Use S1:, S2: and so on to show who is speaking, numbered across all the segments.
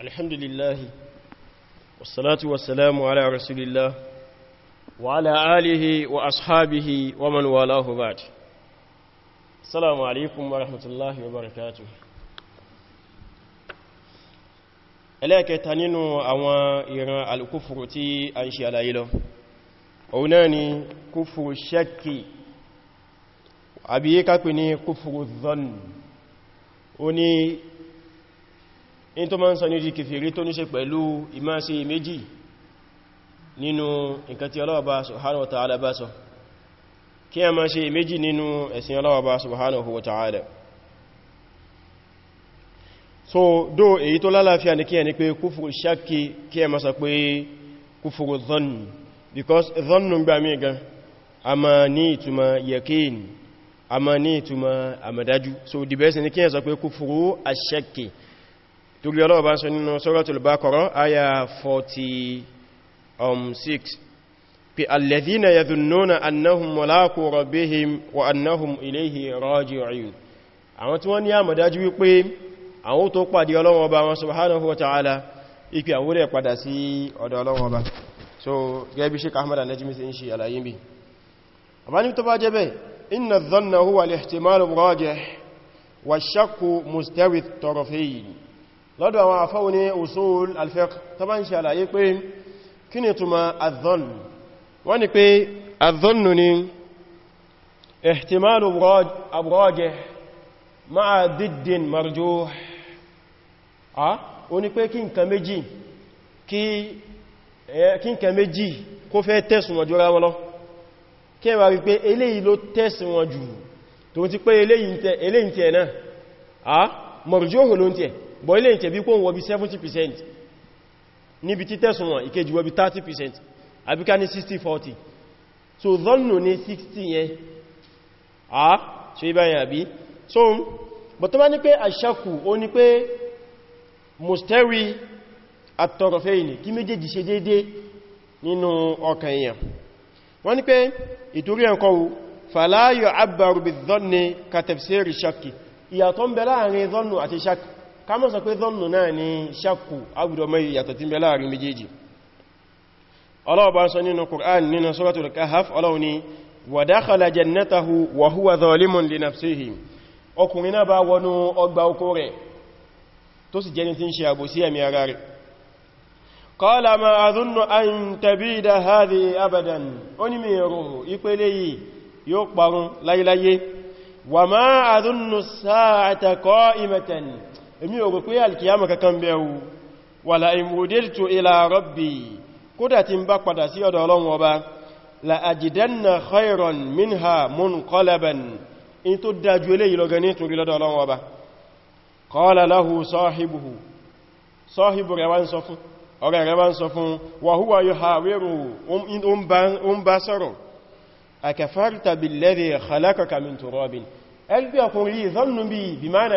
S1: الحمد لله والصلاة والسلام على رسول الله وعلى آله وأصحابه ومن والاه بعد السلام عليكم ورحمة الله وبركاته إليك تنينو أوان إيران الكفر تي أنشي على إله أوناني كفر الشك أبيكا كني كفر الظن أوني in tó máa ń sọ ní di kèfèrí tó ní ṣe pẹ̀lú ìmáṣe méjì nínú nǹkan tí Ọlọ́run Ọba subhanahu wa ta'ala bá sọ kí a máa ṣe méjì nínú ẹ̀sìn Ọlọ́run subhanahu wa ta'ala so do èyí tó lálàáfíà ní kí ẹni pé kúfùrù ṣákì kí ẹ máa sọ pé kúfùrù zannu because zannu gbà mí gan a ma ní ìtumọ̀ yakin a máa ní ìtumọ̀ àmàdájú so dìbẹ̀ẹ́sì ní kí ẹ sọ pé kúfùrù aṣákì torí ọlọ́wọ́ bá ń sọ nínú suratul Baqarah aya 46 um, pé alladhina yadhunnuna annahum mulaqu rabbihim wa annahum ilayhi raji'un àwọn tí wọ́n ní àmọ̀dájú wípé àwọn tó pàdé ọlọ́wọ́ wa ta'ala ipi àwọn inna dhanna huwa al-ihtimal ar-rajih wa shakku mustawith tarafayn lọ́dọ̀ àwọn afọ́wò ní usul al-fiqh tó bá ń ṣe àlàyé pé kí ni túnmà adh-dhann wọ́n ni pé adh-dhann ni ihtimalu abrajih ma'a diddin marjuh a o ni pé kí nǹkan méjì kí nǹkan méjì kó fẹ́ tẹ̀sùn wọn jọra wọn lọ kí rí pé eléyìí ló tẹ̀sùn wọn jù tó ti pé eléyìí tẹ̀ náà a marjuh ló ń tẹ̀ bọ̀ ilé ìkẹ̀bí kó wọ́bí 70% níbi tí tẹ́sùn wọn ìkejì wọ́bí 30% àbíká ní 60-40 so zọ́nù ní 60 yẹn a ṣe ibáyìn àbí so bọ̀ tó bá ní pé àṣàkù ó ní pé mustawi àtọrọfẹ́ ìní kí méjèèjì ṣe dédé nínú ọkàn èèyàn wọ́n ní pé ìtorí ẹ̀kọ́ fàláyọ̀ àbàrùbì zọ́nù ìyàtọ̀ ń bẹ láàrin zọ́nù àti ṣàkì ká má sọ pé dhannu náà ni shakku agbùdọ̀ mẹ́rin yàtọ̀ tí ń bẹ láàrin méjèèjì Ọlọ́hun bá sọ nínú Qur'an nínú Suratul Kahf Ọlọ́hun ni wa dakhala jannatahu wa huwa zalimun li nafsihi ọkùnrin náà bá wọnú ọgbà oko rẹ̀ tó sì jẹni tí ń ṣe àbòsí ẹ̀mí ara rẹ̀ qala ma wa ma adhunnu saata qa'imatan èmi ò rò pé alkiyama kankan bẹ̀rù wàlá ìmòdéjìtò ilá rọ́bì kódà tí ń bá padà sí ọ̀dọ̀ ọlọ́run ọba la àjìdánà khairon minha munqalaban in tó dájú eléyìí lọ gani torí lọ́dọ̀ ọlọ́run ọba qala lahu sahibuhu sahibu rẹ̀ wá ń sọ fún ọ̀rẹ́ rẹ̀ wá ń sọ fún wa ẹgbẹ́ ọkùnrin yìí zannu bí bí máa na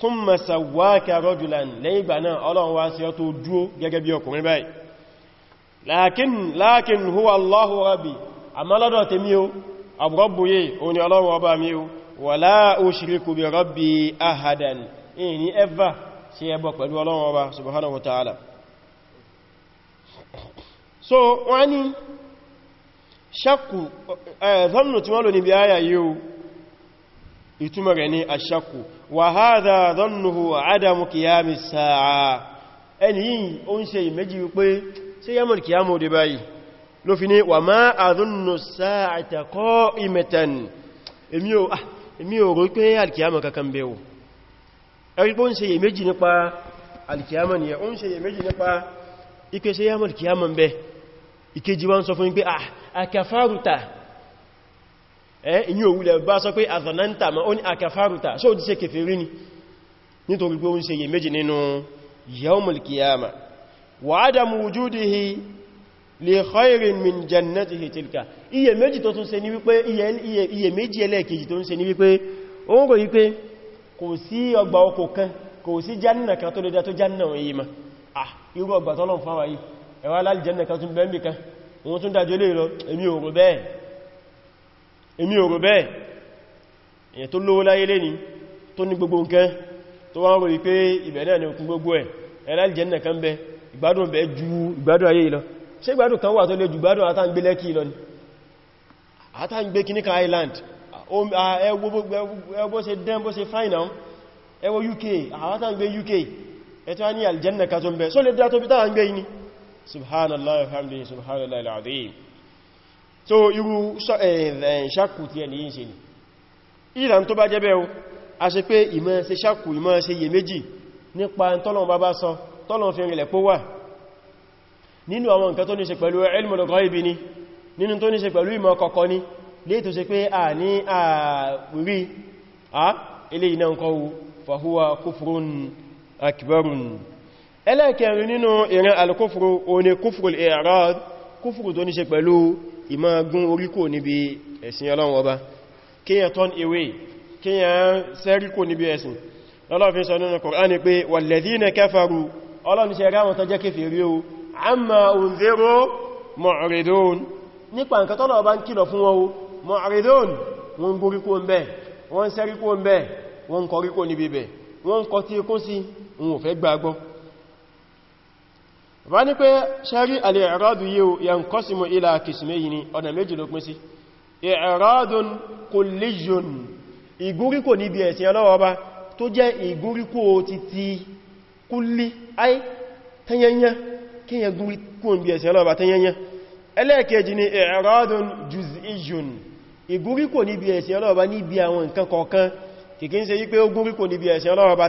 S1: thumma sawwaka rajulan lẹ́yìn ìgbà náà ọlọ́run wá sí ọ tó dúó gẹ́gẹ́ bí ọkùnrin báyìí lakin lakin huwa allahu rabbi àmọ́ lọ́dọ̀ tèmi o àbúrọ́bùyé òní ọlọ́run ọba mi o wala ushriku so wọ́n ni ṣakù ẹ̀zọ́nù tí wọ́n lò níbi ìtumọ̀ rẹ̀ ní aṣakù wà hádà zannuhu adamu kìyàmì sáà ẹni yìí ó ń ṣe ìmẹ́jì wípé ṣe yàmù kìyàmù dé báyìí ló fi ní wà máa àdúnnù sáà ìtàkọ́ ìmẹ̀tàn èmi ò rò pé alkiyama kankan bẹ̀wò ẹgbẹ́ ó ń ṣe ìmẹ́jì nípa ìyí eh, òwúlẹ̀ bá sọ pé àzànántà ma ó ní àkàfàrùta só ti ṣe kèfèrí ni nítorí pé ó ń ṣe yẹ méjì nínú yawmul kiyama wa adamu wujudihi li khairin min jannatihi tilka iye méjì tó tún ṣe ní wípé iye méjì ẹlẹ́ẹ̀kejì tó ń ṣe ní wípé ó ń kò wípé kò sí ọgbà ọkọ̀ kan kò sí janna kan tó lè dá tó janna wọn yìí ma ah irú ọgbà tọ́lọ̀ fáwà yìí ẹwà alálì janna kan tún bẹ́ẹ̀ mìkan wọn tún dájọ́ lè lọ èmi òòrùn bẹ́ẹ̀ èmi ò rò bẹ́ẹ̀ èyàn tó lówó láyé lé ní tó ní gbogbo nǹkan tó wá ń rò wípé ìbẹ̀rẹ̀ ní okùn gbogbo ẹ̀ ẹlẹ́lìjẹ́nà kan bẹ ìgbádùn bẹ ju ìgbádùn ayé lọ ṣé ìgbádùn kan wà tó lè ju ìgbádùn àtàǹgbé lẹ́kì lọ ni àtàǹgbé kìníkà island ẹwọ́ ṣe dẹ́m bó ṣe fine now ẹwọ́ UK àtàǹgbé UK ẹ̀tọ́ ní aljanna kan tó ń bẹ só lè dá tó bí tàǹgbé yìí ni subhanallah alhamdulillah subhanallah alazim so irú eh, eh, ṣàkù tí ẹni yìí ṣe ni ìlànà tó bá jẹ́ bẹ́ẹ̀ o a ṣe pé ìmọ̀ ṣe ṣàkù ìmọ̀ ṣe yè méjì nípa tọ́lọ̀n bá bá sọ tọ́lọ̀n fi rìnlẹ̀ pó wà nínú àwọn nǹkan tó ní ṣe pẹ̀lú ilmul ghaibi ni nínú tó ní ṣe pẹ̀lú ìmọ̀ kọ̀kọ̀ a ní a ilé iná ń kọwu fahuwa kufrun akbarun ẹlẹ́kẹrin nínú ìran alkufru o irad kufru tó ní ìmọ̀gún orí kò níbi ẹ̀sìn ọlọ́run ọba kíyàn turn away kíyàn sẹ́rí kò níbi ẹ̀sìn lọ́lọ́fin sọ nínú Kùránì pé walladhina kafaru ọlọ́run ṣe ráwọn tó jẹ́ amma unziru mu'ridun nípa nǹkan tọ́lọ̀ ọba ń kìlọ̀ fún wọn o mu'ridun wọn borí kò ń bẹ̀ wọ́n bá ní pé ṣẹ́rí al'iradu yíò yanqasimu ila kìsìmẹ́yì ni ọ̀nà méjì ló pín sí i'radun kulliyun ìgúríkò níbi ẹ̀sìn ọlọ́wọ́ bá tó jẹ́ ìgúríkò ti ti kulli ai tanyanya kí yẹ gúríkò níbi ẹ̀sìn ọlọ́wọ́ bá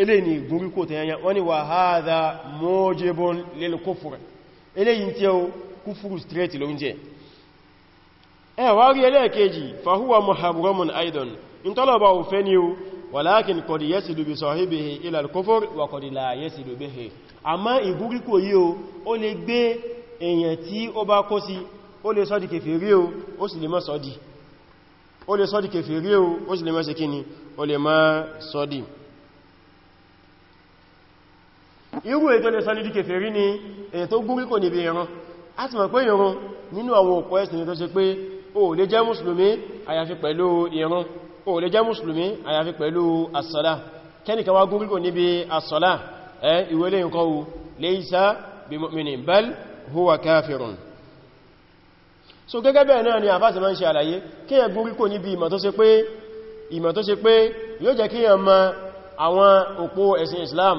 S1: ilé ni gúríkò ta yanya wani wa haza mojibun lil kufur ilé yin tí ó kúfúrù straight ló ń jẹ ẹ wá rí ẹlẹ́ẹ̀kejì fahuwa muharramun aidan in tọ́lọ̀bà òfẹ́ ni ó walakin qad yasilu bi sahibihi al-kufr wa qad la yasilu bihi àmá ìgúríkò yí o ó lè gbé èèyàn tí ó bá kó sí ó lè sọ́dí kèfèrí o ó irú ètò lè sọ nídí kèfèrí ni èyàn tó gún kíkò níbi ìran a ti mọ̀ pé ìran nínú àwọn òpó ẹ̀sìn tó ṣe pé o lè jẹ́ mùsùlùmí àyàfi pẹ̀lú ìran o lè jẹ́ mùsùlùmí àyàfi pẹ̀lú asọ́lá kẹ́nìkan wá gún kíkò níbi asọ́lá ẹ ìwé lè bal huwa kafirun so gẹ́gẹ́ bẹ́ẹ̀ náà ni àfáàsì máa ń ṣe àlàyé kí ẹ gún kíkò níbi ìmọ̀ tó ṣe pé ìmọ̀ tó ṣe pé yóò àwọn òpó ẹ̀sìn Islam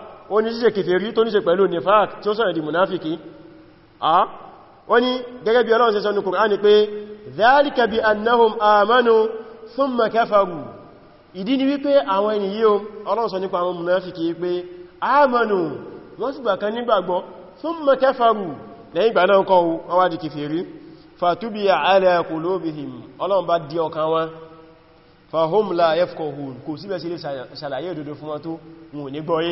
S1: ó ní ṣíṣe kèfèrí tó níṣe pẹ̀lú nifaq tí ó sọ̀rọ̀ di munafiki a ó ní gẹ́gẹ́ bí Ọlọ́run ṣe sọ ní Kùránì pé dhalika bi annahum amanu thumma kafaru ìdí ni wípé àwọn ẹni yíò Ọlọ́run sọ nípa àwọn munafiki pé amanu wọ́n sì gbà kan nígbàgbọ́ thumma kafaru lẹ́yìn ìgbà náà kọ́ wọ́n wá di kèfèrí ala qulubihim Ọlọ́run bá di ọkàn wọn fahum la yafqahun kò síbẹ̀ sí lè ṣàlàyé òdodo fún wọn wọn ò ní gbọ́yé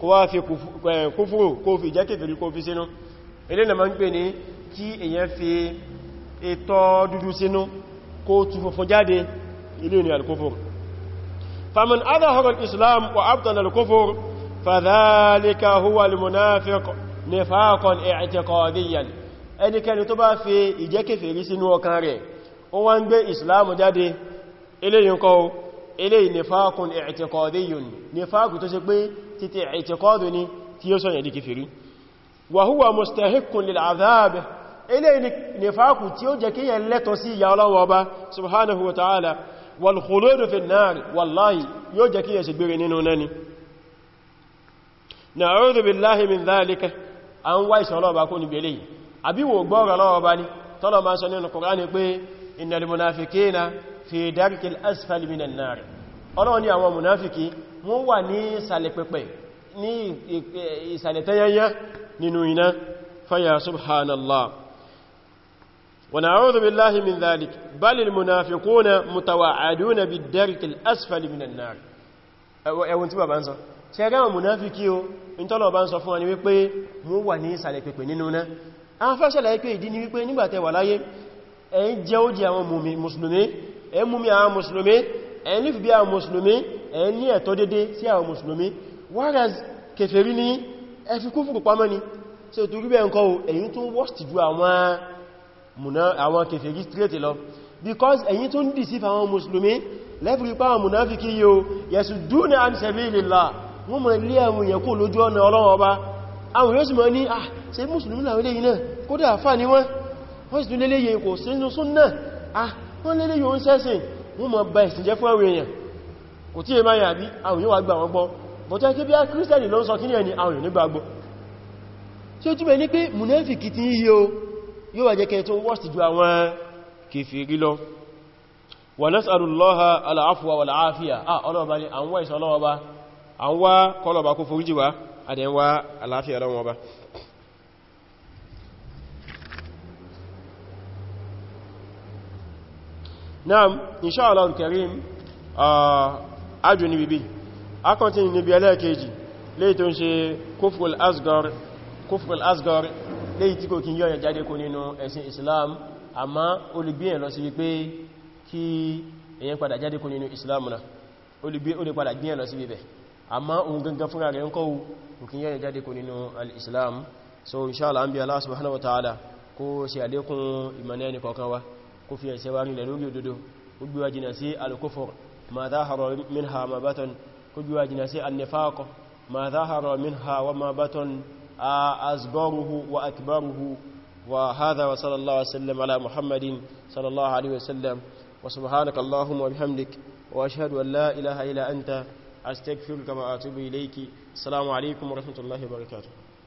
S1: kó wá fi kúfúrò kó fi jẹ́ kèfèrí kó fi sínú ilé na ma ń pè ní kí èyàn fi ètò dúdú sínú kó tú funfun jáde ilé ni alkúfúrò faman adahara islam wa abdal alkúfúrò fàdálíka huwa almunafiq nifaqan i'tiqadiyan ẹnikẹni tó bá fi ìjẹ́ kèfèrí sínú ọkàn rẹ̀ ó wá yìí kọ́ ilé tó ṣe pé títí ìtìkọ́dù ní tí ó sọ́yẹ̀ di kìfìrí wa huwa mustahiqqun lil azab ilé nìfàkù tí ó jẹ́ kí yẹn lẹ́tọ̀ sí ìyà ọlọ́wọ́ ọba subhanahu wa ta'ala wal khuludu fi an-nar wallahi yóò jẹ́ kí yẹn sì gbére nínú náà ni na'udhu billahi min dhalika an wá fi darkil asfali minan nar ọlọ́wọ́ ní àwọn mùnáfikì wọ́n wà ní ìsàlẹ̀ pẹ̀pẹ̀ ní ìsàlẹ̀ tẹ́yẹyẹ nínú iná fayà subhanallah wa na'udhu billahi min dhalik balil munafiquna mutawa'aduna bid-darki al-asfali minan nar ẹwọ́n tí ẹ̀ mú mi àwọn mùsùlùmí ẹ̀yin nífì bí àwọn mùsùlùmí ẹ̀yin ní ẹ̀tọ́ dédé sí àwọn mùsùlùmí whereas kèfèrí ní ẹfi kún fún pàmọ́ ni so torí bẹ́ẹ̀ ǹkọ́ ẹ̀yin tún worst ju àwọn kèfèrí straight lọ because ẹ̀yin tún deceive àwọn mùsùlùmí lẹ́fìrí pa àwọn mùnáfikí yíò yasuduna an sabilillah wọ́n mọ̀ ilé àwọn èèyàn kó lójú ọ̀nà Ọlọ́run Ọba àwọn yóò sì mọ̀ ní ah ṣe mùsùlùmí làwọn eléyìí náà kódà àfà ní wọ́n wọ́n sì tún lélẹ́yìn kò sínú súnnà ah wọ́n lélẹ́yìn oúnṣẹ́sìn wọ́n mọ̀ bá ìsìn jẹ́ fún àwọn èèyàn kò tí è máa yàbí àwọn èèyàn wà gbà wọ́n gbọ́ bọ̀ tó ẹkẹ́ bí i kírísítẹ̀lì ló ń sọ kíní ẹni àwọn èèyàn nígbà gbọ́ tí ó túnbẹ̀ ní pé munafiki ti yí o yóò wà jẹ́ kẹ́ al-afwa wal-afiya ọlọ́ọ̀bá ni àwọn ìsọ̀lọ́wọ́ bá àwọn wá kọlọ̀bá kó foríjì wá àdẹ̀wà àlàáfíà naam inṣáàlá karim ajo ni bibi akọ̀tí níbi ẹlẹ́ẹ̀kejì léyìí tó ń ṣe kufrul asgar kufrul asgar léyìí tí kò kí yọ́ jáde kó nínú ẹ̀sìn islam àmá olùgbíyàn lọ sí wípé kí èyàn padà jáde kó nínú islam náà olùgbíyàn lọ sí wíbẹ̀ àmá ohun gangan fúnra rẹ̀ ń kọ́wù kò kí yọ́ jáde kó nínú al-islam so inṣáàlá an Allah subhanahu wa ta'ala kó ṣe àlékún ìmọ̀nẹ́ni kọ̀ọ̀kan wa كفي سواني لنوغي ددو كجوا جناسي كفر ما ظهر منها ما بطن كجوا جناسي النفاق ما ظهر منها وما بطن أصغره وأكبره وهذا وصلى الله وسلم على محمد صلى الله عليه وسلم وسبحانك اللهم وبحمدك وأشهد أن لا إله إلا أنت أستغفرك وأتوب إليك السلام عليكم ورحمة الله وبركاته